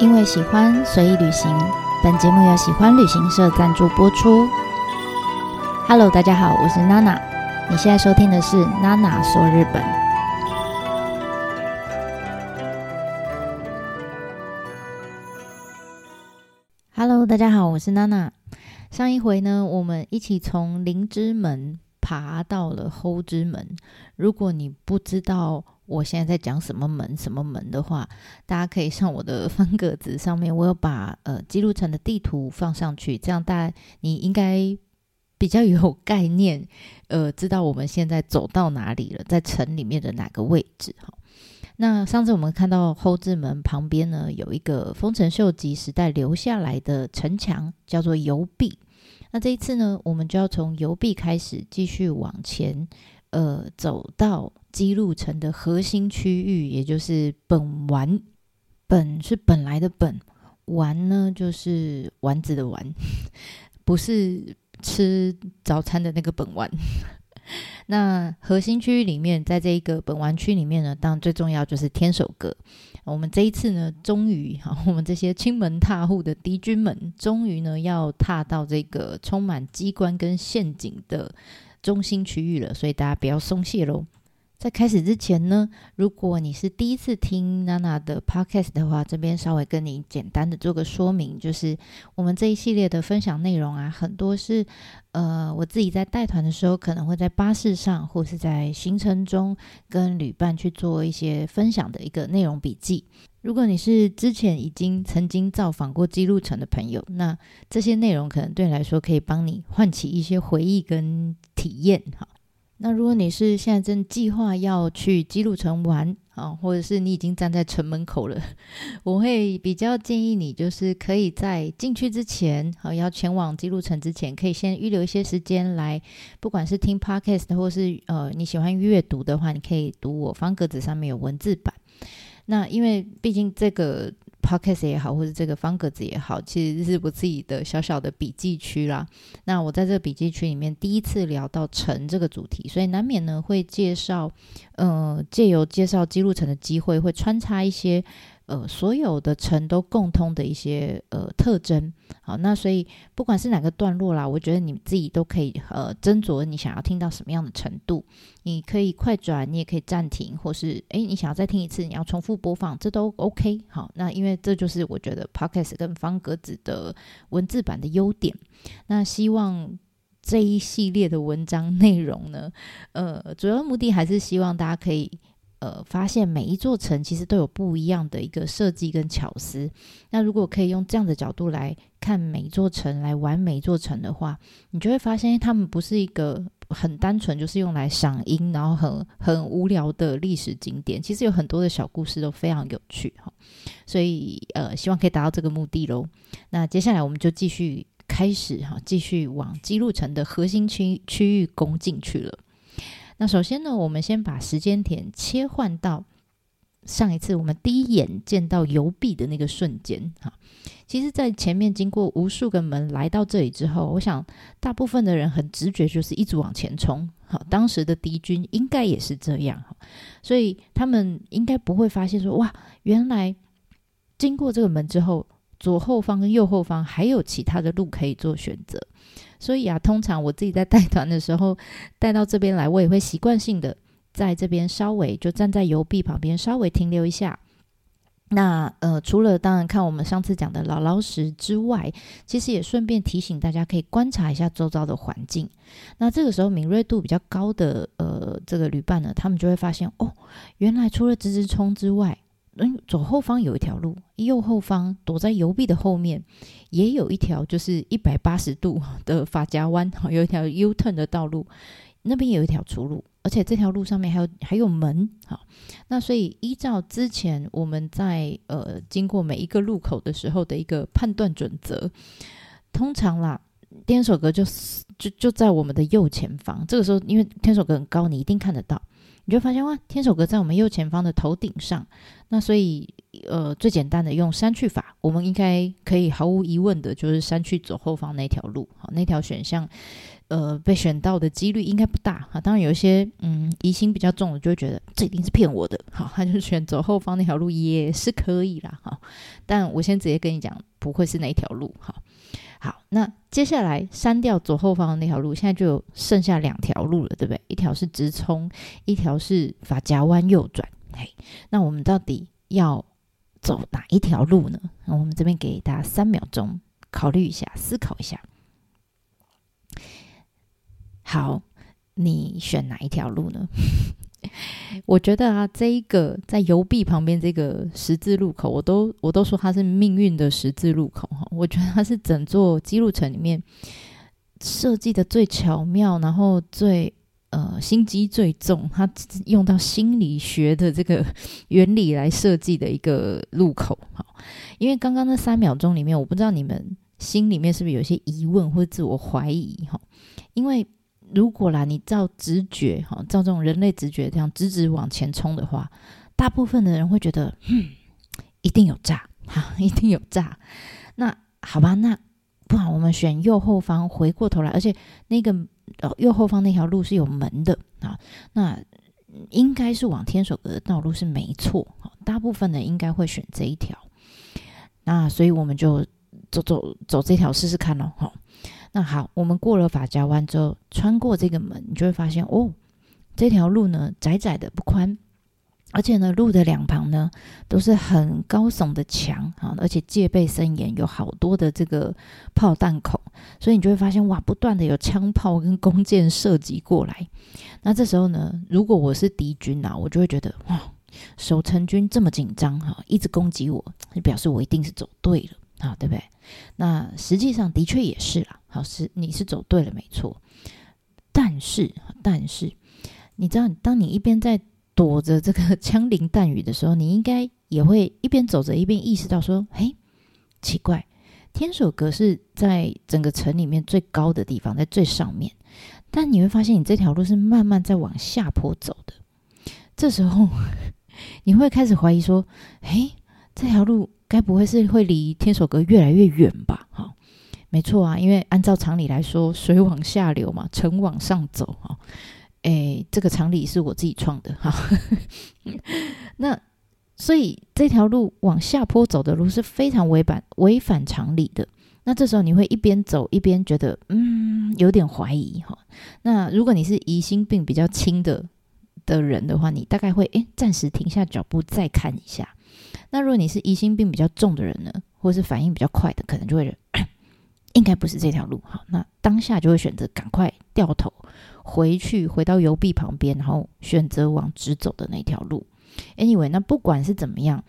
因為喜歡所以旅行，本節目由喜歡旅行社贊助播出。Hello，大家好，我是娜娜。你現在收聽的是娜娜說日本。Hello，大家好，我是娜娜。上一回呢，我們一起從菱之門爬到了ほの門。如果你不知道，我現在在講什麼門？什麼門的話，大家可以上我的方格子上面，我有把呃姬路城的地圖放上去，這樣大家你應該比較有概念，呃，知道我們現在走到哪裡了，在城裡面的哪個位置。哈，那上次我們看到ほの門旁邊呢，有一個豐臣秀吉時代留下來的城牆，叫做油壁。那這一次呢，我們就要從油壁開始繼續往前，呃，走到。姬路城的核心區域，也就是本丸，本是本來的本，丸呢，就是丸子的丸，不是吃早餐的那個本丸。那核心區域裡面，在這個本丸區裡面呢，當然最重要就是天守閣。我們這一次呢，終於哈，我們這些侵門踏戶的敵軍們，終於呢要踏到這個充滿機關跟陷阱的中心區域了，所以大家不要鬆懈嘍。在開始之前呢，如果你是第一次聽娜娜的 podcast 的話，這邊稍微跟你簡單的做個說明，就是我們這一系列的分享內容啊，很多是呃我自己在帶團的時候，可能會在巴士上或是在行程中跟旅伴，去做一些分享的一個內容筆記。如果你是之前已經曾經造訪過姬路城的朋友，那這些內容可能對你來說可以幫你喚起一些回憶跟體驗哈。那如果你是現在正計劃要去姬路城玩啊，或者是你已經站在城門口了，我會比較建議你，就是可以在進去之前，啊，要前往姬路城之前，可以先預留一些時間來，不管是聽 podcast，或是呃你喜歡閱讀的話，你可以讀我方格子上面有文字版。那因為畢竟這個。Podcast 也好，或者這個方格子也好，其實是我自己的小小的筆記區啦。那我在這個筆記區裡面，第一次聊到城這個主題，所以難免呢會介紹，呃，借由介紹姬路城的機會，會穿插一些。呃，所有的城都共通的一些呃特徵，好，那所以不管是哪個段落啦，我覺得你自己都可以呃斟酌你想要聽到什麼樣的程度，你可以快轉，你也可以暫停，或是哎你想要再聽一次，你要重複播放，這都 OK。好，那因為這就是我覺得 Podcast 跟方格子的文字版的優點。那希望這一系列的文章內容呢，呃，主要目的還是希望大家可以。呃，發現每一座城其實都有不一樣的一個設計跟巧思。那如果可以用這樣的角度來看每一座城，來玩每一座城的話，你就會發現他們不是一個很單純就是用來賞櫻，然後很很無聊的歷史景點。其實有很多的小故事都非常有趣哈。所以呃，希望可以達到這個目的嘍。那接下來我們就繼續開始哈，繼續往姬路城的核心區區域攻進去了。那首先呢，我們先把時間點切換到上一次我們第一眼見到油壁的那個瞬間哈，其實，在前面經過無數個門來到這裡之後，我想大部分的人很直覺就是一直往前衝。好，當時的敵軍應該也是這樣，所以他們應該不會發現說哇，原來經過這個門之後，左後方跟右後方還有其他的路可以做選擇，所以啊，通常我自己在帶團的時候帶到這邊來，我也會習慣性的在這邊稍微就站在油壁旁邊稍微停留一下。那呃，除了當然看我們上次講的姥姥石之外，其實也順便提醒大家可以觀察一下周遭的環境。那這個時候敏銳度比較高的呃這個旅伴呢，他們就會發現哦，原來除了直直衝之外。嗯，左後方有一條路，右後方躲在油壁的後面也有一條，就是一百八十度的髮夾彎，哈，有一條 U turn 的道路，那邊也有一條出路，而且這條路上面還有還有門，哈，那所以依照之前我們在呃經過每一個路口的時候的一個判斷準則，通常啦天守閣就就就在我們的右前方，這個時候因為天守閣很高，你一定看得到。你就發現哇，天守閣在我們右前方的頭頂上。那所以，呃，最簡單的用刪去法，我們應該可以毫無疑問的，就是刪去走後方那條路。好，那條選項，呃，被選到的幾率應該不大啊。當然，有一些嗯疑心比較重的，就會覺得這一定是騙我的。好，他就是選走後方那條路也是可以啦。哈，但我先直接跟你講，不會是那一條路。哈。好，那接下來刪掉左後方的那條路，現在就剩下兩條路了，對不對？一條是直衝，一條是髮夾彎右轉。嘿、hey，那我們到底要走哪一條路呢？我們這邊給大家三秒鐘考慮一下，思考一下。好，你選哪一條路呢？ 我覺得啊，這一個在油壁旁邊這個十字路口，我都我都說它是命運的十字路口哈。我覺得它是整座姬路城裡面設計的最巧妙，然後最呃心機最重，它用到心理學的這個原理來設計的一個路口哈。因為剛剛那三秒鐘裡面，我不知道你們心裡面是不是有些疑問或者自我懷疑哈，因為，如果啦，你照直覺哈、哦，照這種人類直覺這樣直直往前衝的話，大部分的人會覺得，嗯、一定有詐，啊，一定有詐。那好吧，那不好，我們選右後方，回過頭來，而且那個、哦、右後方那條路是有門的啊，那應該是往天守閣的道路是沒錯、啊，大部分的人應該會選這一條。那所以我們就走走走這條試試看咯，好、啊。那好，我們過了法家灣之後，穿過這個門，你就會發現哦，這條路呢，窄窄的不寬，而且呢，路的兩旁呢都是很高聳的牆啊，而且戒備森嚴，有好多的這個炮彈孔，所以你就會發現哇，不斷的有槍炮跟弓箭射擊過來。那這時候呢，如果我是敵軍吶、啊，我就會覺得哇，守城軍這麼緊張哈、啊，一直攻擊我，就表示我一定是走對了啊，對不對？那實際上的確也是啦。好，是，你是走對了，沒錯。但是，但是，你知道，當你一邊在躲着這個槍林彈雨的時候，你應該也會一邊走着，一邊意識到說：“嘿，奇怪，天守閣是在整個城裡面最高的地方，在最上面。但你會發現，你這條路是慢慢在往下坡走的。這時候，你會開始懷疑說：‘嘿，這條路該不會是會離天守閣越來越遠吧？’沒錯啊，因為按照常理來說，水往下流嘛，城往上走哈、哦、誒，這個常理是我自己創的哈。 那所以這條路往下坡走的路是非常違反違反常理的。那這時候你會一邊走一邊覺得嗯有點懷疑哈、哦。那如果你是疑心病比較輕的的人的話，你大概會誒暫時停下腳步再看一下。那如果你是疑心病比較重的人呢，或是反應比較快的，可能就會。應該不是這條路，好，那當下就會選擇趕快掉頭回去，回到油壁旁邊，然後選擇往直走的那條路。Anyway，那不管是怎麼樣，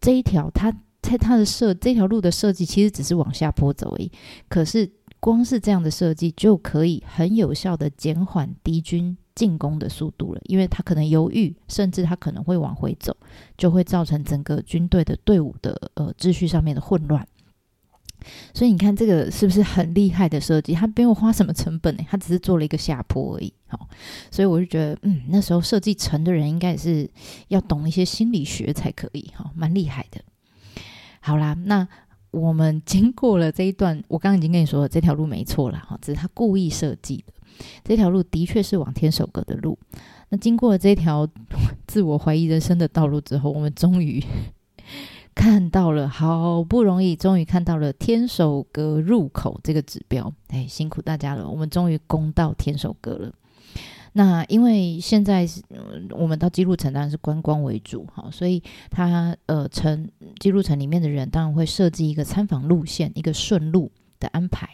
這一條它在它的設這條路的設計其實只是往下坡走而已。可是光是這樣的設計就可以很有效的減緩敵軍進攻的速度了，因為他可能猶豫，甚至他可能會往回走，就會造成整個軍隊的隊伍的呃秩序上面的混亂。所以你看這個是不是很厲害的設計？他沒有花什麼成本呢、欸，他只是做了一個下坡而已。好、哦，所以我就覺得，嗯，那時候設計城的人應該也是要懂一些心理學才可以。哈、哦，蠻厲害的。好啦，那我們經過了這一段，我剛剛已經跟你說了，這條路沒錯了。哈、哦，只是他故意設計的這條路，的確是往天守閣的路。那經過了這條自我懷疑人生的道路之後，我們終於。看到了，好不容易，終於看到了天守閣入口這個指標，哎，辛苦大家了，我們終於攻到天守閣了。那因為現在是、呃，我們到姬路城當然是觀光為主，哈，所以他呃，城姬路城裡面的人當然會設計一個參訪路線，一個順路。的安排，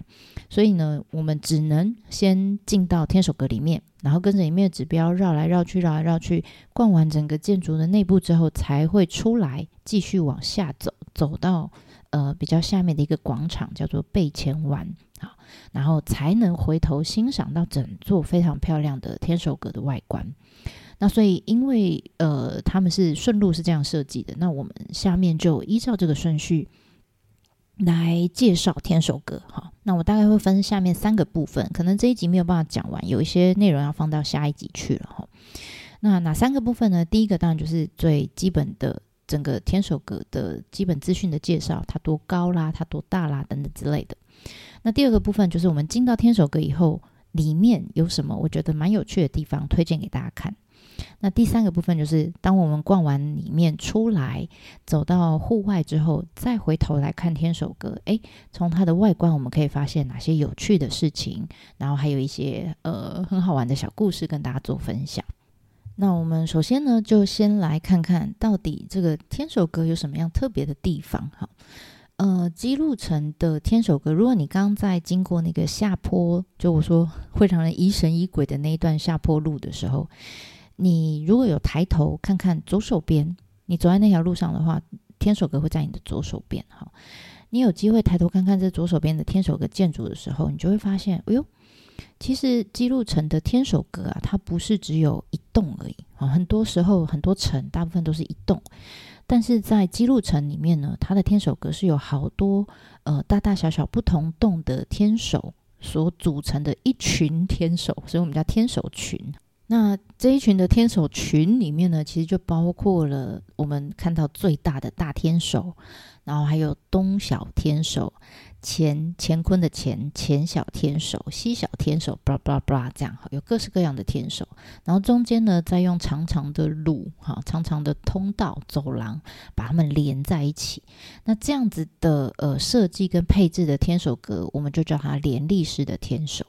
所以呢，我們只能先進到天守閣裡面，然後跟着裡面的指標繞來繞去、繞來繞去，逛完整個建築的內部之後，才會出來繼續往下走，走到呃比較下面的一個廣場，叫做備前丸，好，然後才能回頭欣賞到整座非常漂亮的天守閣的外觀。那所以，因為呃他們是順路是這樣設計的，那我們下面就依照這個順序。來介紹天守閣哈，那我大概會分下面三個部分，可能這一集沒有辦法講完，有一些內容要放到下一集去了哈。那哪三個部分呢？第一個當然就是最基本的整個天守閣的基本資訊的介紹，它多高啦，它多大啦等等之類的。那第二個部分就是我們進到天守閣以後裡面有什麼，我覺得蠻有趣的地方，推薦給大家看。那第三個部分就是，當我們逛完裡面出來，走到戶外之後，再回頭來看天守閣，誒，從它的外觀我們可以發現哪些有趣的事情，然後還有一些呃很好玩的小故事跟大家做分享。那我們首先呢，就先來看看到底這個天守閣有什麼樣特別的地方。哈呃，姬路城的天守閣，如果你剛在經過那個下坡，就我說會讓人疑神疑鬼的那一段下坡路的時候。你如果有抬頭看看左手邊，你走在那條路上的話，天守閣會在你的左手邊。哈，你有機會抬頭看看這左手邊的天守閣建築的時候，你就會發現，哎呦，其實姬路城的天守閣啊，它不是只有一棟而已啊。很多時候，很多城大部分都是一棟，但是在姬路城裡面呢，它的天守閣是有好多呃大大小小不同棟的天守所組成的一群天守，所以我們叫天守群。那這一群的天守群裡面呢，其實就包括了我們看到最大的大天守，然後還有東小天守、乾乾坤的乾乾小天守、西小天守，blah blah blah，這樣哈有各式各樣的天守。然後中間呢，再用長長的路、哈長長的通道、走廊把它們連在一起。那這樣子的呃設計跟配置的天守閣，我們就叫它連立式的天守。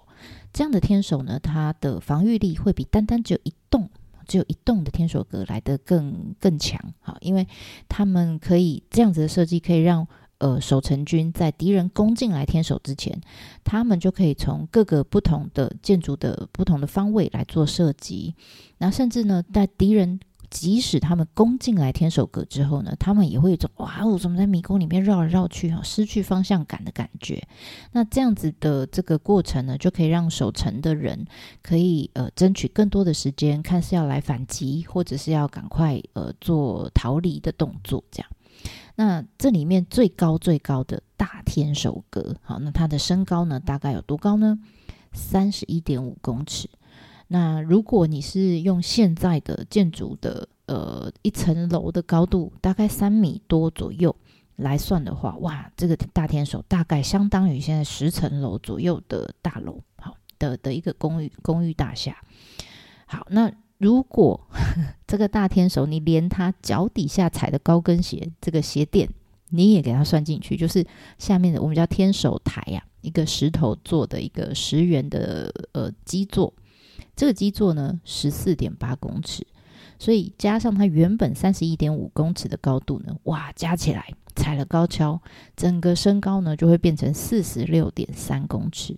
這樣的天守呢，它的防禦力會比單單只有一棟、只有一棟的天守閣來得更更強。好，因為他們可以這樣子的設計，可以讓呃守城軍在敵人攻進來天守之前，他們就可以從各個不同的建築的不同的方位來做設計，那甚至呢，在敵人即使他們攻進來天守閣之後呢，他們也會有一種哇哦，我怎麼在迷宮裡面繞來繞去哈，失去方向感的感覺。那這樣子的這個過程呢，就可以讓守城的人可以呃爭取更多的時間，看是要來反擊，或者是要趕快呃做逃離的動作。這樣，那這裡面最高最高的大天守閣，好，那它的身高呢，大概有多高呢？三十一點五公尺。那如果你是用現在的建築的呃一層樓的高度，大概三米多左右來算的話，哇，這個大天守大概相當於現在十層樓左右的大樓，好，的的一個公寓公寓大廈。好，那如果這個大天守你連他腳底下踩的高跟鞋這個鞋墊你也給他算進去，就是下面的我們叫天守台呀、啊，一個石頭做的一個石垣的呃基座。這個基座呢，十四點八公尺，所以加上它原本三十一點五公尺的高度呢，哇，加起來踩了高蹺，整個身高呢就會變成四十六點三公尺。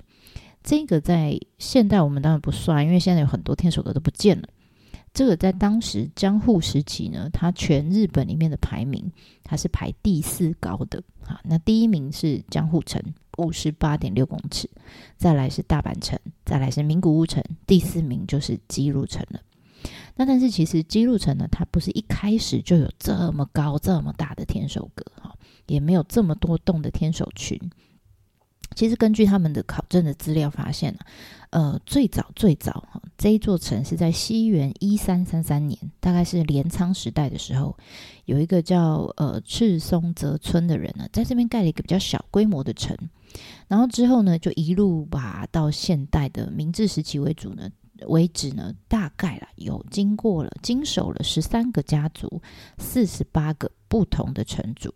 這個在現代我們當然不算，因為現在有很多天守閣都不見了。這個在當時江戶時期呢，它全日本裡面的排名，它是排第四高的啊。那第一名是江戶城，五十八點六公尺，再來是大阪城，再來是名古屋城，第四名就是姬路城了。那但是其實姬路城呢，它不是一開始就有這麼高這麼大的天守閣哈，也沒有這麼多棟的天守群。其實根據他們的考證的資料發現呢，呃，最早最早哈這一座城是在西元一三三三年，大概是鐮倉時代的時候，有一個叫呃赤松則村的人呢，在這邊蓋了一個比較小規模的城，然後之後呢，就一路把到現代的明治時期為主呢為止呢，大概啦有經過了經手了十三個家族，四十八個不同的城主，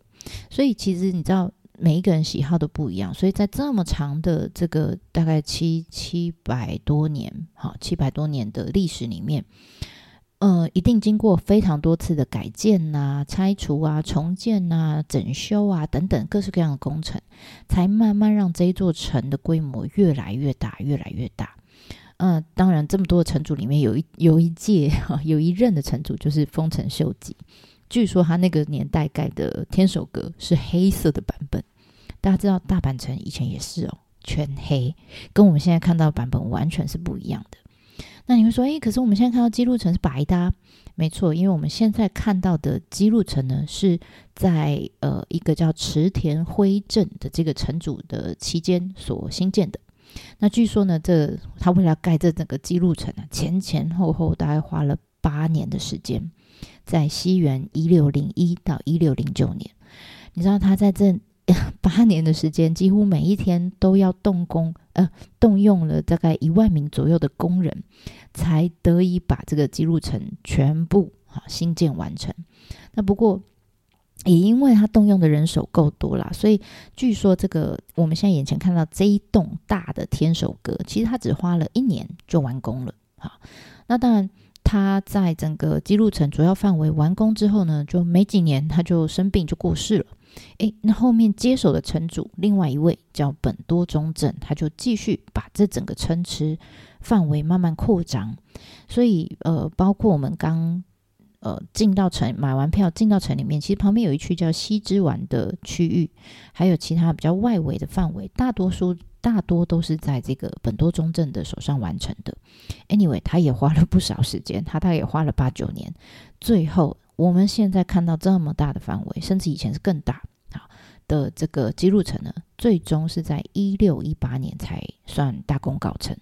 所以其實你知道。每一個人喜好都不一樣，所以在這麼長的這個大概七七百多年，哈、哦，七百多年的歷史裡面，呃，一定經過非常多次的改建吶、啊、拆除啊、重建吶、啊、整修啊等等各式各樣的工程，才慢慢讓這座城的規模越來越大，越來越大。嗯、呃，當然這麼多的城主裡面有，有一有一屆、哦、有一任的城主就是豐臣秀吉。據說他那個年代蓋的天守閣是黑色的版本，大家知道大阪城以前也是哦，全黑，跟我們現在看到的版本完全是不一樣的。那你會說，誒，可是我們現在看到姬路城是白搭？沒錯，因為我們現在看到的姬路城呢，是在呃一個叫池田輝政的這個城主的期間所興建的。那據說呢，這他為了蓋這整個姬路城呢，前前後後大概花了八年的時間。在西元一六零一到一六零九年，你知道他在這八年的時間，幾乎每一天都要動工，呃，動用了大概一萬名左右的工人，才得以把這個姬路城全部啊、哦、新建完成。那不過也因為他動用的人手夠多啦，所以據說這個我們現在眼前看到這一棟大的天守閣，其實他只花了一年就完工了。好、哦，那當然。他在整個姬路城主要範圍完工之後呢，就沒幾年他就生病就過世了。誒，那後面接手的城主另外一位叫本多忠政，他就繼續把這整個城池範圍慢慢擴張。所以呃，包括我們剛呃進到城買完票進到城裡面，其實旁邊有一區叫西之丸的區域，還有其他比較外圍的範圍，大多數。大多都是在這個本多忠政的手上完成的。Anyway，他也花了不少時間，他他也花了八九年。最後，我們現在看到這麼大的範圍，甚至以前是更大啊的這個姬路城呢，最終是在一六一八年才算大功告成。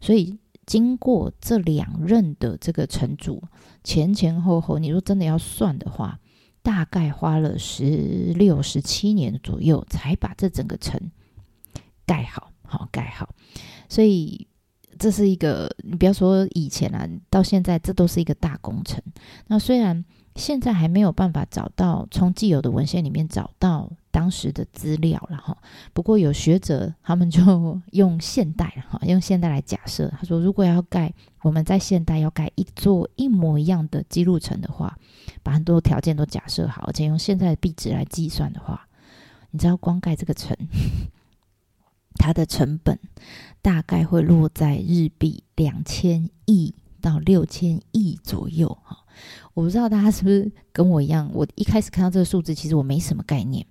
所以，經過這兩任的這個城主前前後後，你說真的要算的話，大概花了十六十七年左右，才把這整個城。蓋好好、哦、蓋好，所以這是一個，你不要說以前啊，到現在這都是一個大工程。那雖然現在還沒有辦法找到從既有的文獻裡面找到當時的資料了哈、哦，不過有學者他們就用現代哈、哦，用現代來假設，他說如果要蓋我們在現代要蓋一座一模一樣的姬路城的話，把很多條件都假設好，而且用現在的幣值來計算的話，你知道光蓋這個城，它的成本大概會落在日幣兩千億到六千億左右哈，我不知道大家是不是跟我一樣，我一開始看到這個數字，其實我沒什麼概念，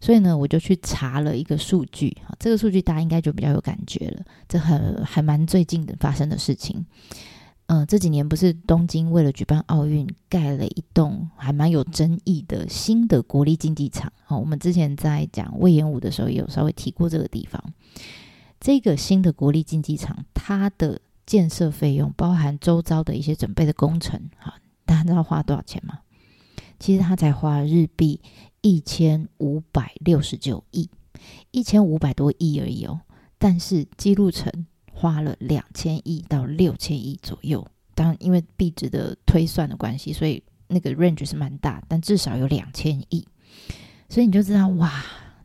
所以呢，我就去查了一個數據哈，這個數據大家應該就比較有感覺了，這很還蠻最近的發生的事情。嗯，這幾年不是東京為了舉辦奧運蓋了一棟還蠻有爭議的新的國立競技場？哈、哦，我們之前在講隈研吾的時候也有稍微提過這個地方。這個新的國立競技場，它的建設費用包含周遭的一些準備的工程，哈、哦，大家知道花多少錢嗎？其實它才花日幣一千五百六十九億，一千五百多億而已哦，但是記錄成。花了兩千億到六千億左右，當然因為幣值的推算的關係，所以那個 range 是蠻大，但至少有兩千億，所以你就知道哇，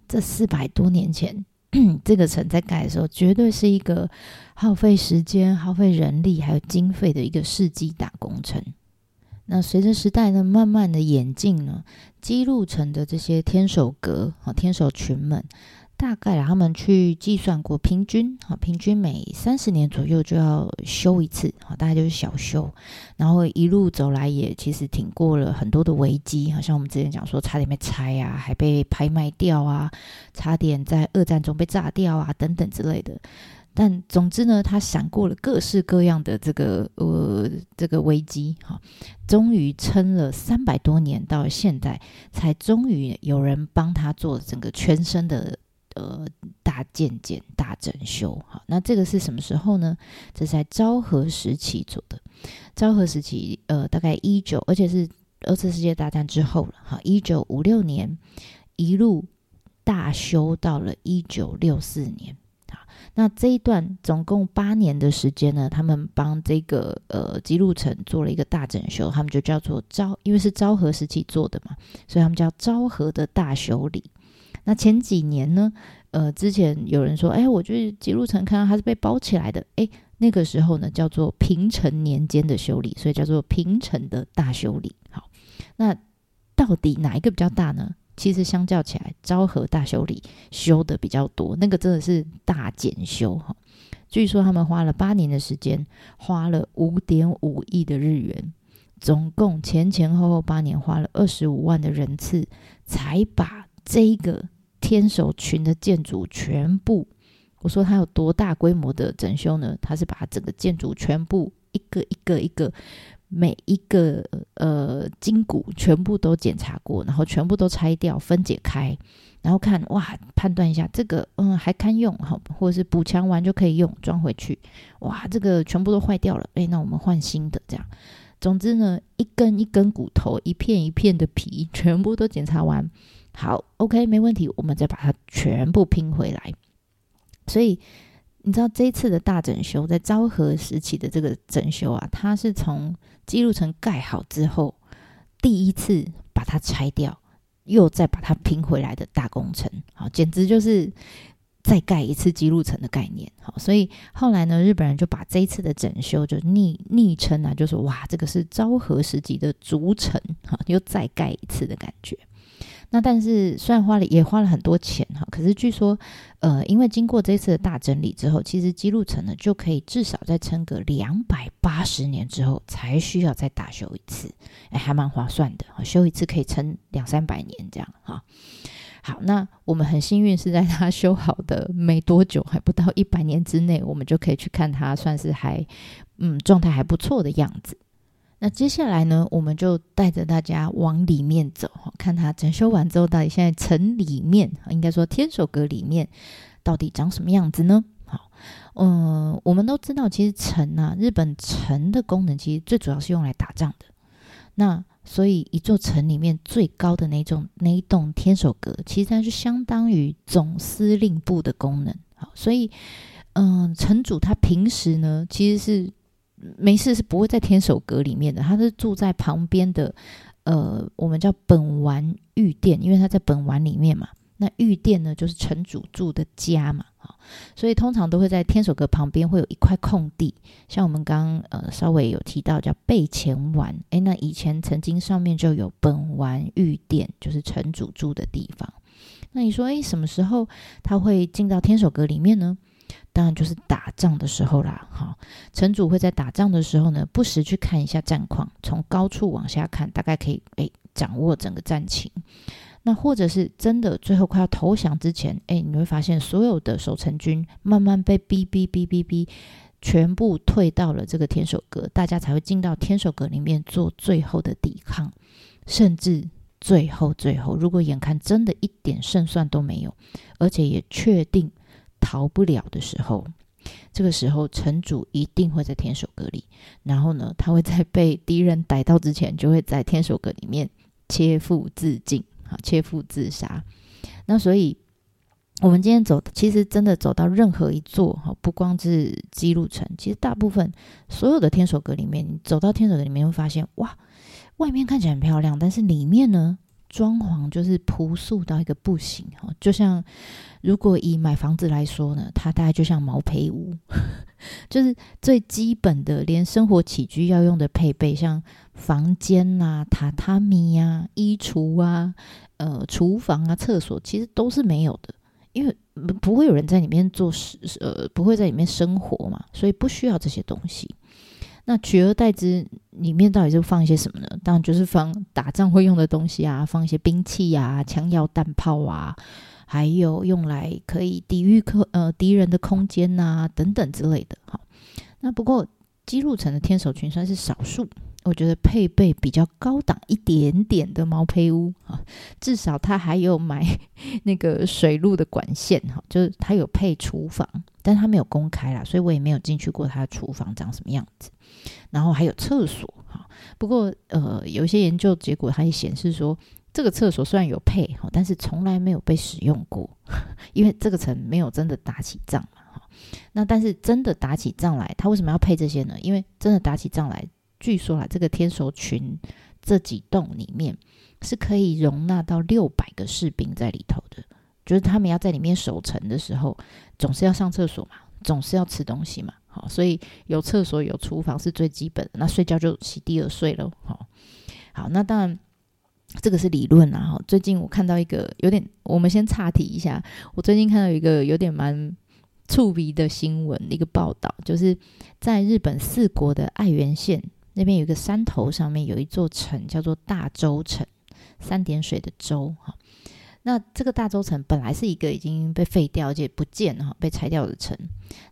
這四百多年前這個城在蓋的時候，絕對是一個耗費時間、耗費人力還有經費的一個世紀大工程。那隨着時代呢，慢慢的演進呢，姬路城的這些天守閣天守群們。大概啦，他們去計算過平均，平均每三十年左右就要修一次，大概就是小修。然後一路走來也其實挺過了很多的危機，好像我們之前講說差點被拆啊，還被拍賣掉啊，差點在二戰中被炸掉啊等等之類的。但總之呢，他閃過了各式各樣的這個呃這個危機，哈，終於撐了三百多年到現在，才終於有人幫他做整個全身的，呃，大建建大整修，好，那這個是什麼時候呢？這是在昭和時期做的。昭和時期，呃，大概一九，而且是二次世界大戰之後了，哈，一九五六年一路大修到了一九六四年，那這一段總共八年的時間呢，他們幫這個呃姬路城做了一個大整修，他們就叫做昭，因為是昭和時期做的嘛，所以他們叫昭和的大修理。那前幾年呢？呃，之前有人說，哎、欸，我去姬路城看到它是被包起來的，哎、欸，那個時候呢，叫做平成年間的修理，所以叫做平成的大修理。好，那到底哪一個比較大呢？其實相較起來，昭和大修理修的比較多，那個真的是大檢修哈、哦。據說他們花了八年的時間，花了五點五億的日元，總共前前後後八年花了二十五萬的人次，才把這個。天守群的建築全部，我說它有多大規模的整修呢？它是把整個建築全部一個一個一個，每一個呃筋骨全部都檢查過，然後全部都拆掉分解開，然後看哇，判斷一下這個嗯還堪用好，或者是補強完就可以用裝回去。哇，這個全部都壞掉了，誒，那我們換新的這樣。總之呢，一根一根骨頭，一片一片的皮，全部都檢查完。好，OK，沒問題。我們再把它全部拼回來。所以，你知道這一次的大整修，在昭和時期的這個整修啊，它是從姬路城蓋好之後，第一次把它拆掉，又再把它拼回來的大工程。好，簡直就是再蓋一次姬路城的概念。好，所以後來呢，日本人就把這一次的整修就昵昵稱啊，就說哇，這個是昭和時期的築城啊，又再蓋一次的感覺。那但是雖然花了也花了很多錢哈，可是據說，呃，因為經過這次的大整理之後，其實姬路城呢就可以至少再撐個兩百八十年之後才需要再大修一次，哎，還蠻划算的啊！修一次可以撐兩三百年這樣哈。好，那我們很幸運是在它修好的沒多久，還不到一百年之內，我們就可以去看它，算是還嗯狀態還不錯的樣子。那接下來呢，我們就帶着大家往裡面走，看它整修完之後，到底現在城裡面，應該說天守閣裡面，到底長什麼樣子呢？好，嗯，我們都知道，其實城啊，日本城的功能其實最主要是用來打仗的。那所以一座城裡面最高的那種那一棟天守閣，其實它是相當於總司令部的功能。好，所以，嗯，城主他平時呢，其實是。沒事是不會在天守閣裡面的，他是住在旁邊的，呃，我們叫本丸御殿，因為他在本丸裡面嘛。那御殿呢，就是城主住的家嘛，啊、哦，所以通常都會在天守閣旁邊會有一塊空地，像我們剛剛呃稍微有提到叫備前丸，誒，那以前曾經上面就有本丸御殿，就是城主住的地方。那你說，誒，什麼時候他會進到天守閣裡面呢？當然就是打仗的時候啦，好，城主會在打仗的時候呢，不時去看一下戰況，從高處往下看，大概可以，誒，掌握整個戰情。那或者是真的最後快要投降之前，哎，你會發現所有的守城軍慢慢被逼逼逼逼逼逼，全部退到了這個天守閣，大家才會進到天守閣裡面做最後的抵抗，甚至最後最後，如果眼看真的一點勝算都沒有，而且也確定。逃不了的時候，這個時候城主一定會在天守閣裡。然後呢，他會在被敵人逮到之前，就會在天守閣裡面切腹自盡啊，切腹自殺。那所以，我們今天走，其實真的走到任何一座哈，不光是姬路城，其實大部分所有的天守閣裡面，你走到天守閣裡面會發現，哇，外面看起來很漂亮，但是裡面呢，裝潢就是樸素到一個不行哈，就像。如果以買房子來說呢，它大概就像毛坯屋， 就是最基本的，連生活起居要用的配備，像房間吶、啊、榻榻米呀、啊、衣櫥啊、呃、廚房啊、廁所，其實都是沒有的，因為不會有人在裡面做事，呃，不會在裡面生活嘛，所以不需要這些東西。那取而代之，裡面到底是放一些什麼呢？當然就是放打仗會用的東西啊，放一些兵器呀、槍、藥、彈、炮啊。還有用來可以抵禦呃敵人的空間吶、啊、等等之類的，哈，那不過姬路城的天守群算是少數，我覺得配備比較高檔一點點的毛胚屋哈，至少他還有買那個水路的管線哈，就是他有配廚房，但他沒有公開啦，所以我也沒有進去過他的廚房長什麼樣子，然後還有廁所哈，不過呃有些研究結果還顯示說，這個廁所雖然有配哈，但是從來沒有被使用過，因為這個城沒有真的打起仗嘛哈。那但是真的打起仗來，他為什麼要配這些呢？因為真的打起仗來，據說啦，這個天守群這幾棟裡面是可以容納到六百個士兵在裡頭的。就是他們要在裡面守城的時候，總是要上廁所嘛，總是要吃東西嘛，好，所以有廁所有廚房是最基本的。那睡覺就席地而睡嘍。好，那當然。這個是理論啊！哈，最近我看到一個有點，我們先岔題一下。我最近看到一個有點蠻觸鼻的新聞，一個報道，就是在日本四國的愛媛縣那邊有一個山頭上面有一座城，叫做大洲城，三點水的“洲”哈。那這個大洲城本來是一個已經被廢掉而且不見了、被拆掉的城。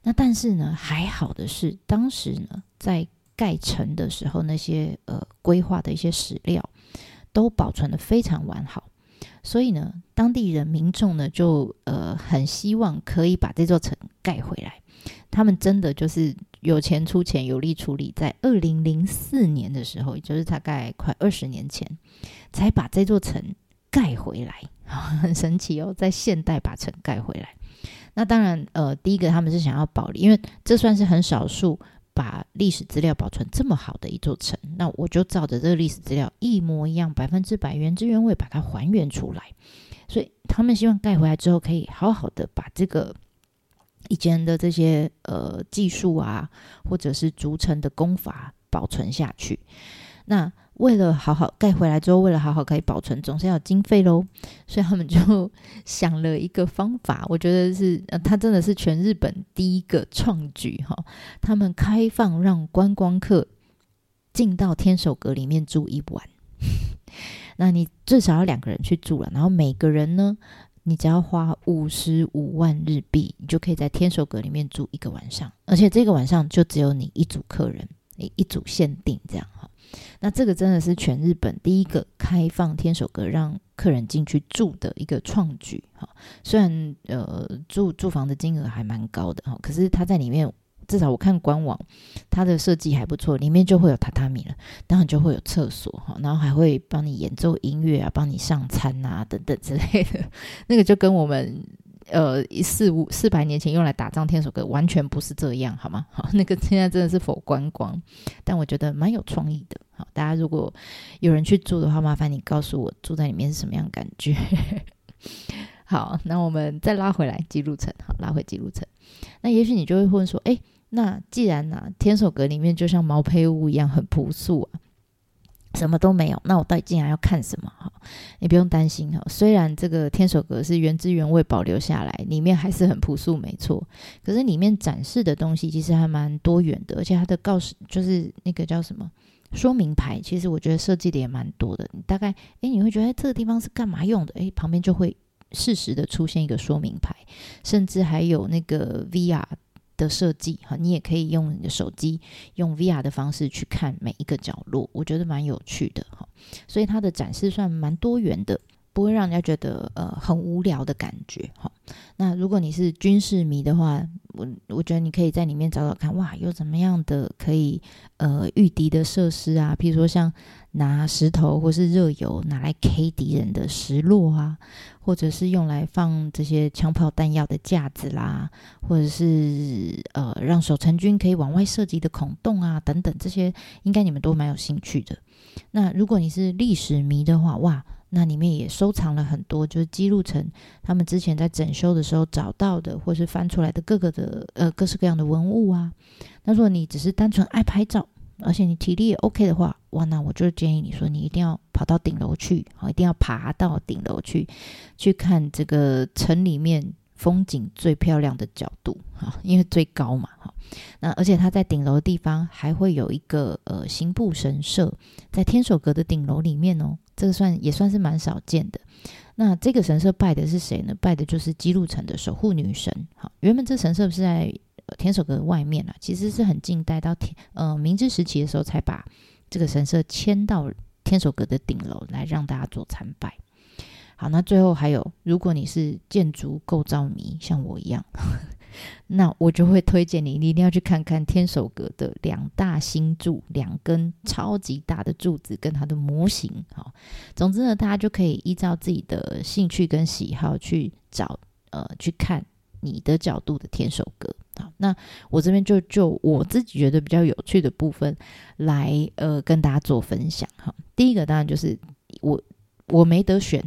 那但是呢，還好的是，當時呢在蓋城的時候，那些呃規劃的一些史料。都保存得非常完好，所以呢，當地人民眾呢就呃很希望可以把這座城蓋回來。他們真的就是有錢出錢，有力出力，在二零零四年的時候，也就是大概快二十年前，才把這座城蓋回來。啊，很神奇哦，在現代把城蓋回來。那當然，呃，第一個他們是想要保利，因為這算是很少數，把歷史資料保存這麼好的一座城，那我就照着這個歷史資料一模一樣，百分之百原汁原味把它還原出來。所以他們希望蓋回來之後，可以好好的把這個以前的這些呃技術啊，或者是築城的功法保存下去。那為了好好蓋回來之後，為了好好可以保存，總是要經費嘍。所以他們就想了一個方法，我覺得是呃，他真的是全日本第一個創舉哈、哦。他們開放讓觀光客進到天守閣裡面住一晚， 那你至少要兩個人去住了、啊。然後每個人呢，你只要花五十五萬日幣，你就可以在天守閣裡面住一個晚上，而且這個晚上就只有你一組客人，你一組限定這樣哈。哦那這個真的是全日本第一個開放天守閣讓客人進去住的一個創舉哈，雖然呃住住房的金額還蠻高的哈，可是它在裡面至少我看官網，它的設計還不錯，裡面就會有榻榻米了，當然就會有廁所哈，然後還會幫你演奏音樂啊，幫你上餐啊等等之類的，那個就跟我們。呃，一四五四百年前用來打仗天守閣完全不是這樣，好嗎？好，那個現在真的是否觀光？但我覺得蠻有創意的。好，大家如果有人去住的話，麻煩你告訴我住在裡面是什麼樣的感覺。 好，那我們再拉回來記錄層，好，拉回記錄層。那也許你就會問說，誒，那既然啊，天守閣裡面就像毛坯屋一樣很樸素啊？什麼都沒有，那我到底進來要看什麼？哈，你不用擔心哈。雖然這個天守閣是原汁原味保留下來，裡面還是很樸素，沒錯。可是裡面展示的東西其實還蠻多元的，而且它的告示就是那個叫什麼說明牌，其實我覺得設計的也蠻多的。你大概誒，你會覺得這個地方是幹嘛用的？誒，旁邊就會適時的出現一個說明牌，甚至還有那個 VR。的設計哈，你也可以用你的手機用 VR 的方式去看每一個角落，我覺得蠻有趣的哈。所以它的展示算蠻多元的。不會讓人家覺得呃很無聊的感覺哈、哦。那如果你是軍事迷的話，我我覺得你可以在裡面找找看，哇，有怎麼樣的可以呃禦敵的設施啊？譬如說像拿石頭或是熱油拿來 K 敵人的石落啊，或者是用來放這些槍炮彈藥的架子啦，或者是呃讓守城軍可以往外射擊的孔洞啊，等等這些，應該你們都蠻有興趣的。那如果你是歷史迷的話，哇！那裡面也收藏了很多，就是姬路城他們之前在整修的時候找到的，或是翻出來的各個的呃各式各樣的文物啊。那如果你只是單純愛拍照，而且你體力也 OK 的話，哇，那我就建議你說你一定要跑到頂樓去，好，一定要爬到頂樓去，去看這個城裡面。風景最漂亮的角度哈，因為最高嘛，哈，那而且它在頂樓的地方還會有一個呃刑部神社，在天守閣的頂樓裡面哦，這個算也算是蠻少見的。那這個神社拜的是誰呢？拜的就是姬路城的守護女神。哈，原本這神社是在、呃、天守閣的外面啊，其實是很近代到天呃明治時期的時候才把這個神社遷到天守閣的頂樓來讓大家做參拜。好，那最後還有，如果你是建築構造迷，像我一樣，呵呵，那我就會推薦你，你一定要去看看天守閣的兩大心柱，兩根超級大的柱子跟它的模型。好，總之呢，大家就可以依照自己的興趣跟喜好去找，呃，去看你的角度的天守閣。好，那我這邊就就我自己覺得比較有趣的部分來，呃，跟大家做分享。哈，第一個當然就是我。我沒得選，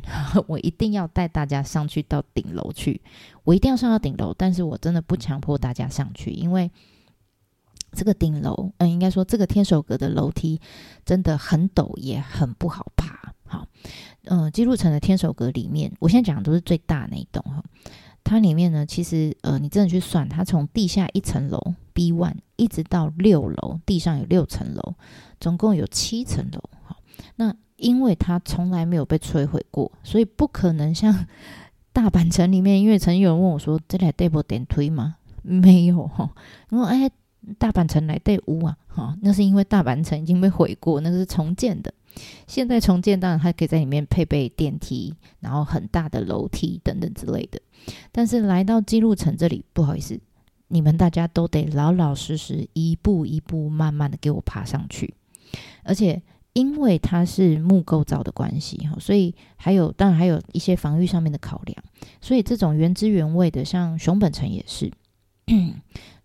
我一定要帶大家上去到頂樓去。我一定要上到頂樓，但是我真的不強迫大家上去，因為這個頂樓，嗯、呃，應該說這個天守閣的樓梯真的很陡，也很不好爬。好，嗯、呃，姬路城的天守閣裡面，我現在講的都是最大那一棟哈。它裡面呢，其實呃，你真的去算，它從地下一層樓 B one 一直到六樓，地上有六層樓，總共有七層樓。哈，那。因為它從來沒有被摧毀過，所以不可能像大阪城裡面。因為曾有人問我說：“這裡有電梯嗎？”沒有哈。然後、哎、大阪城來帶屋啊，哈、哦，那是因為大阪城已經被毀過，那是重建的。現在重建當然還可以在裡面配備電梯，然後很大的樓梯等等之類的。但是來到姬路城這裡，不好意思，你們大家都得老老實實一步一步慢慢的給我爬上去，而且。因為它是木構造的關係哈，所以還有，當然還有一些防禦上面的考量，所以這種原汁原味的，像熊本城也是，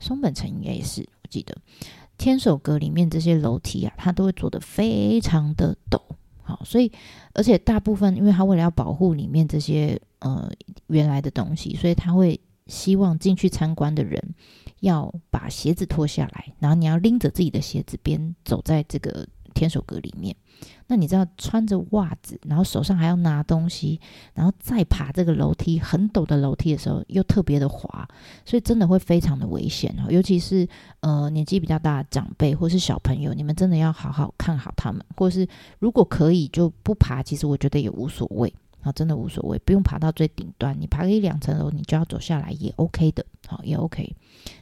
松本城應該也是，我記得天守閣裡面這些樓梯啊，它都會做得非常的陡，好，所以而且大部分，因為他為了要保護裡面這些呃原來的東西，所以他會希望進去參觀的人要把鞋子脫下來，然後你要拎着自己的鞋子邊走在這個。天守閣裡面，那你知道穿着襪子，然後手上還要拿東西，然後再爬這個樓梯，很陡的樓梯的時候，又特別的滑，所以真的會非常的危險哦。尤其是呃年紀比較大的長輩或是小朋友，你們真的要好好看好他們，或是如果可以就不爬，其實我覺得也無所謂啊、哦，真的無所謂，不用爬到最頂端，你爬一兩層樓，你就要走下來也 OK 的，好、哦、也 OK。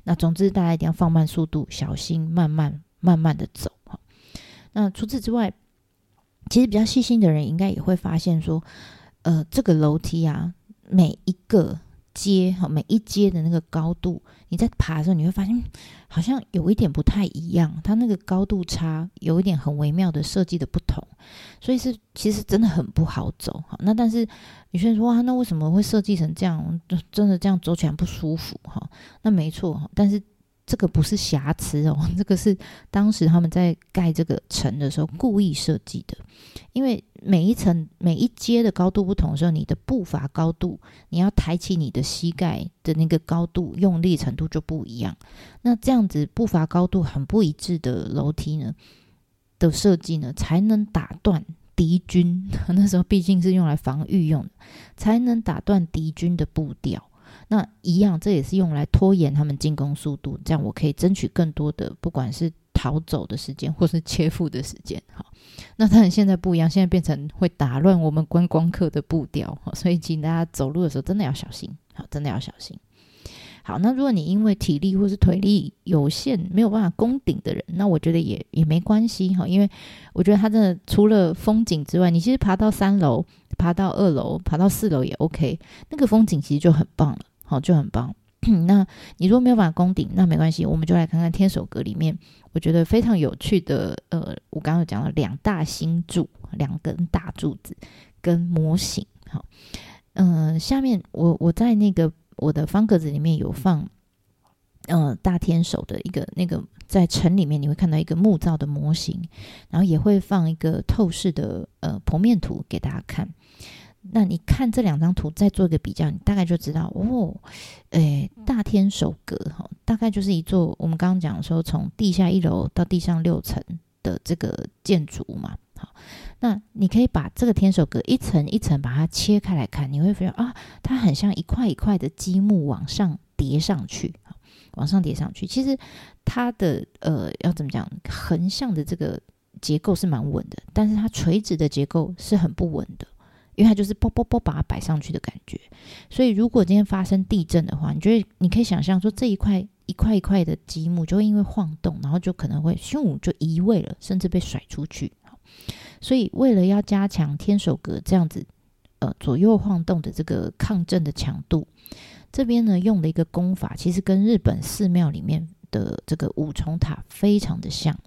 那總之大家一定要放慢速度，小心，慢慢慢慢的走。那除此之外，其實比較細心的人應該也會發現說，呃，這個樓梯啊，每一個階哈，每一階的那個高度，你在爬的時候，你會發現好像有一點不太一樣，它那個高度差有一點很微妙的設計的不同，所以是其實是真的很不好走哈。那但是有些人說哇，那為什麼會設計成這樣？就真的這樣走起來不舒服哈？那沒錯哈，但是。這個不是瑕疵哦，這個是當時他們在蓋這個城的時候故意設計的，因為每一層每一階的高度不同的時候，你的步伐高度，你要抬起你的膝蓋的那個高度，用力程度就不一樣。那這樣子步伐高度很不一致的樓梯呢，的設計呢，才能打斷敵軍。那時候畢竟是用來防禦用的，才能打斷敵軍的步調。那一樣，這也是用來拖延他們進攻速度，這樣我可以爭取更多的，不管是逃走的時間，或是切腹的時間。好，那當然現在不一樣，現在變成會打亂我們觀光客的步調，哦，所以請大家走路的時候真的要小心，好，真的要小心。好，那如果你因為體力或是腿力有限，沒有辦法攻頂的人，那我覺得也也沒關係，哈，哦，因為我覺得他真的除了風景之外，你其實爬到三樓、爬到二樓、爬到四樓也 OK，那個風景其實就很棒了。好，就很棒。 那你如果沒有辦法攻頂，那沒關係，我們就來看看天守閣裡面，我覺得非常有趣的。呃，我剛剛講了兩大心柱，兩根大柱子跟模型。好，嗯、呃，下面我我在那個我的方格子裡面有放，呃，大天守的一個那個在城裡面你會看到一個木造的模型，然後也會放一個透視的呃剖面圖給大家看。那你看這兩張圖，再做一個比較，你大概就知道哦，欸，大天守閣哈，大概就是一座我們剛剛講說從地下一樓到地上六層的這個建築嘛。好，那你可以把這個天守閣一層一層把它切開來看，你會發現啊，它很像一塊一塊的積木往上疊上去，往上疊上去。其實它的呃要怎麼講，橫向的這個結構是蠻穩的，但是它垂直的結構是很不穩的。因為它就是啵啵啵把它擺上去的感覺，所以如果今天發生地震的話，你就會，你可以想象說這一塊一塊一塊的積木就因為晃動，然後就可能會咻就移位了，甚至被甩出去。所以為了要加強天守閣這樣子呃左右晃動的這個抗震的強度，這邊呢用了一個功法，其實跟日本寺廟裡面的這個五重塔非常的像。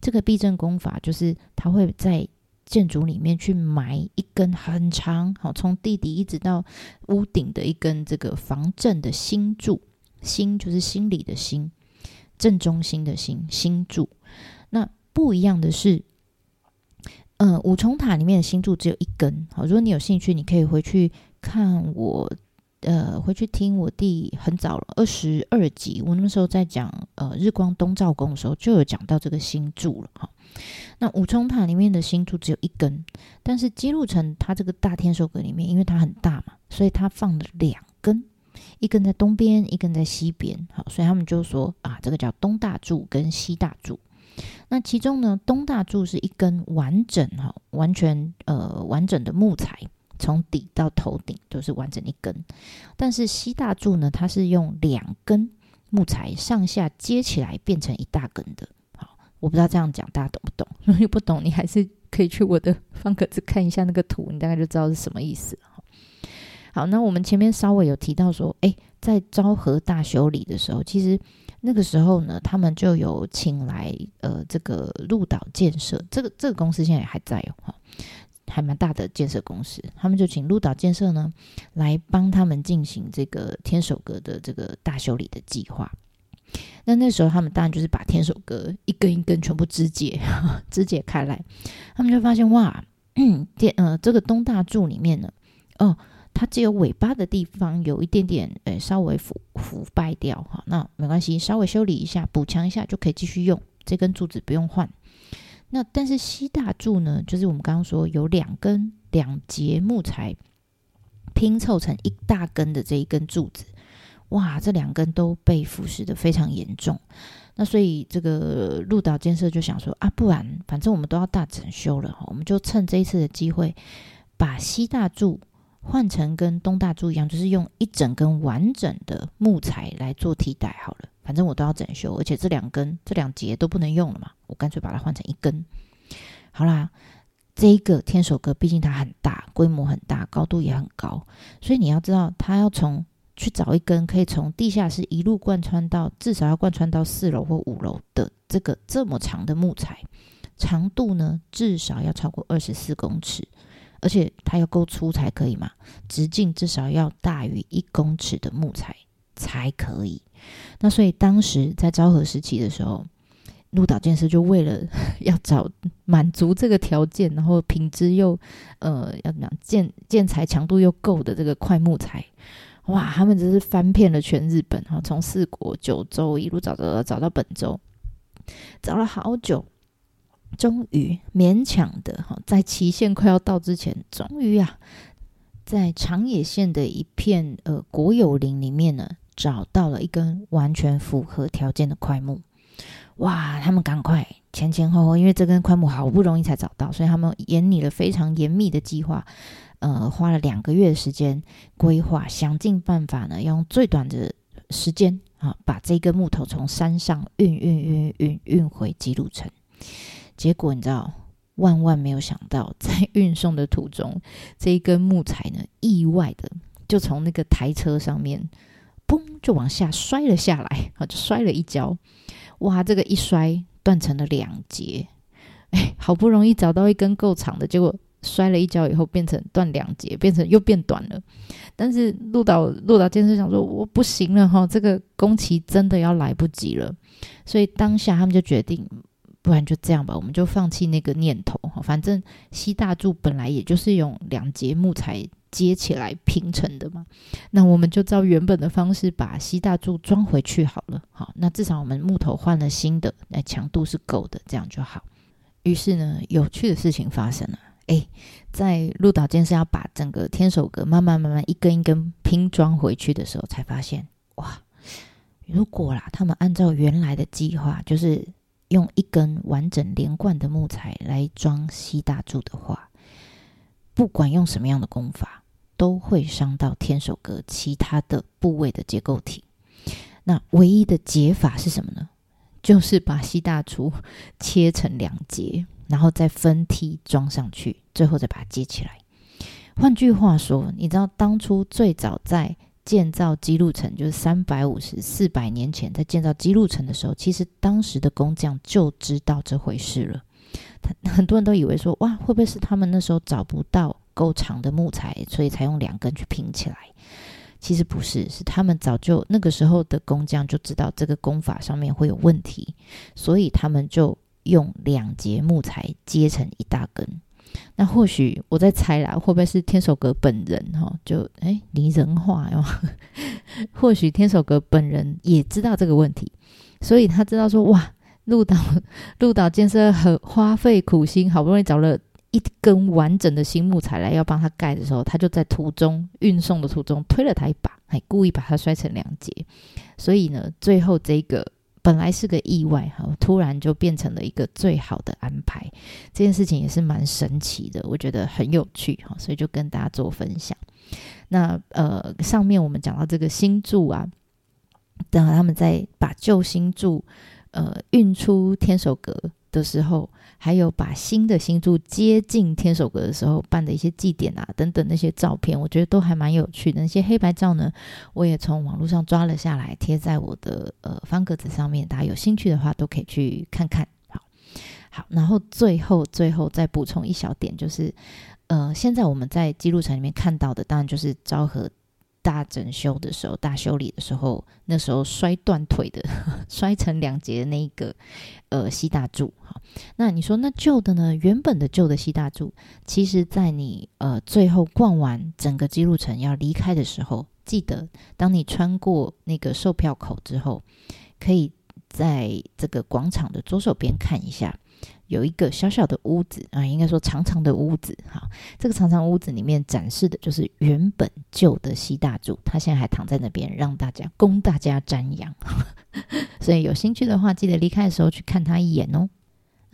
這個避震功法就是它會在建築裡面去埋一根很長，好，從地底一直到屋頂的一根這個防震的心柱，心就是心裡的心，正中心的心，心柱。那不一樣的是，呃五重塔裡面的心柱只有一根。好，如果你有興趣，你可以回去看我，呃，回去聽我第很早了二十二集，我那時候在講呃日光東照宮的時候就有講到這個心柱了哈。那五重塔裡面的心柱只有一根，但是姬路城它這個大天守閣裡面，因為它很大嘛，所以它放了兩根，一根在東邊，一根在西邊。好，所以他們就說啊，這個叫東大柱跟西大柱。那其中呢，東大柱是一根完整哈，完全呃完整的木材，從底到頭頂都是完整一根。但是西大柱呢，它是用兩根木材上下接起來變成一大根的。好，我不知道這樣講大家懂不懂？你 不懂，你還是可以去我的方格子看一下那個圖，你大概就知道是什麼意思。好，那我們前面稍微有提到說，哎，在昭和大修理的時候，其實那個時候呢，他們就有請來呃這個鹿島建設，這個這個公司現在也還在哦，哈，還蠻大的建設公司，他們就請鹿島建設呢來幫他們進行這個天守閣的這個大修理的計劃。那那時候，他們當然就是把天守閣一根一根全部肢解，呵呵、肢解開來，他們就發現哇，電、嗯、呃，這個東大柱裡面呢，哦，它只有尾巴的地方有一點點，呃，稍微腐腐敗掉哈，那沒關係，稍微修理一下，補強一下就可以繼續用，這根柱子不用換。那但是西大柱呢，就是我們剛剛說有兩根兩節木材拼湊成一大根的這一根柱子。哇，這兩根都被腐蝕的非常嚴重，那所以這個鹿島建設就想說啊，不然反正我們都要大整修了，我們就趁這一次的機會，把西大柱換成跟東大柱一樣，就是用一整根完整的木材來做替代好了。反正我都要整修，而且這兩根這兩節都不能用了嘛，我乾脆把它換成一根。好啦，這一個天守閣畢竟它很大，規模很大，高度也很高，所以你要知道它要從，去找一根可以從地下室一路貫穿到至少要貫穿到四樓或五樓的這個這麼長的木材，長度呢至少要超過二十四公尺，而且它要夠粗才可以嘛，直徑至少要大於一公尺的木材才可以。那所以當時在昭和時期的時候，鹿島建設就為了要找滿足這個條件，然後品質又呃要怎麼樣，建建材強度又夠的這個塊木材，哇，他們真是翻遍了全日本哈，從四國、九州一路找到找到，找到本州，找了好久，終於勉強的哈，在期限快要到之前，終於啊，在長野縣的一片呃國有林裡面呢，找到了一根完全符合條件的檜木。哇，他們趕快前前後後，因為這根檜木好不容易才找到，所以他們研擬了非常嚴密的計劃。呃，花了兩個月的時間規劃，想盡辦法呢，用最短的時間啊，把這根木頭從山上運運運運運，運，運回姬路城。結果你知道，萬萬沒有想到，在運送的途中，這一根木材呢，意外的就從那個台車上面，嘣就往下摔了下來啊，就摔了一跤。哇，這個一摔斷成了兩截。哎，好不容易找到一根夠長的，結果。摔了一跤以後，變成斷兩節，變成又變短了。但是鹿島鹿島建設想說，我不行了哈，這個工期真的要來不及了。所以當下他們就決定，不然就這樣吧，我們就放棄那個念頭哈。反正西大柱本來也就是用兩節木材接起來拼成的嘛，那我們就照原本的方式把西大柱裝回去好了。好，那至少我們木頭換了新的，那強度是夠的，這樣就好。於是呢，有趣的事情發生了。哎、欸，在鹿島間是要把整個天守閣慢慢慢慢一根一根拼裝回去的時候，才發現哇！如果啦，他們按照原來的計劃，就是用一根完整連貫的木材來裝西大柱的話，不管用什麼樣的工法，都會傷到天守閣其他的部位的結構體。那唯一的解法是什麼呢？就是把西大柱切成兩截。然後再分梯裝上去，最後再把它接起來。換句話說，你知道當初最早在建造姬路城，就是三百五十、四百年前在建造姬路城的時候，其實當時的工匠就知道這回事了。很多人都以為說，哇，會不會是他們那時候找不到夠長的木材，所以才用兩根去拼起來？其實不是，是他們早就那個時候的工匠就知道這個工法上面會有問題，所以他們就。用兩節木材接成一大根，那或許我在猜啦，會不會是天守閣本人哈、哦？就哎，擬人化喲。 或許天守閣本人也知道這個問題，所以他知道說哇，鹿島鹿島建設很花費苦心，好不容易找了一根完整的新木材來要幫他蓋的時候，他就在途中運送的途中推了他一把，還故意把他摔成兩截。所以呢，最後這一個。本來是個意外哈，突然就變成了一個最好的安排。這件事情也是蠻神奇的，我覺得很有趣哈，所以就跟大家做分享。那呃，上面我們講到這個心柱啊，等到他們再把舊心柱呃運出天守閣的時候，還有把新的心柱接近天守閣的時候辦的一些祭典啊等等那些照片，我覺得都還蠻有趣的。那些黑白照呢，我也從網絡上抓了下來，貼在我的呃方格子上面。大家有興趣的話，都可以去看看。好，好，然後最後最後再補充一小點，就是呃，現在我們在記錄層裡面看到的，當然就是昭和。大整修的時候，大修理的時候，那時候摔斷腿的、摔成兩截的那一個呃西大柱，哈，那你說那舊的呢？原本的舊的西大柱，其實，在你呃最後逛完整個姬路城要離開的時候，記得當你穿過那個售票口之後，可以在這個廣場的左手邊看一下。有一個小小的屋子啊，嗯，應該說長長的屋子哈。這個長長屋子裡面展示的就是原本舊的西大柱，他現在還躺在那邊，讓大家供大家瞻仰。 所以有興趣的話，記得離開的時候去看他一眼哦。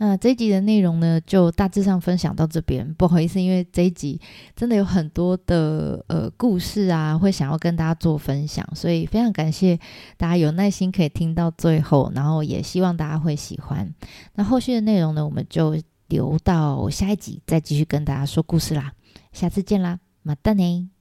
那、呃、這一集的內容呢，就大致上分享到這邊。不好意思，因為這一集真的有很多的呃故事啊，會想要跟大家做分享，所以非常感謝大家有耐心可以聽到最後。然後也希望大家會喜歡。那後續的內容呢，我們就留到下一集再繼續跟大家說故事啦。下次見啦，またね。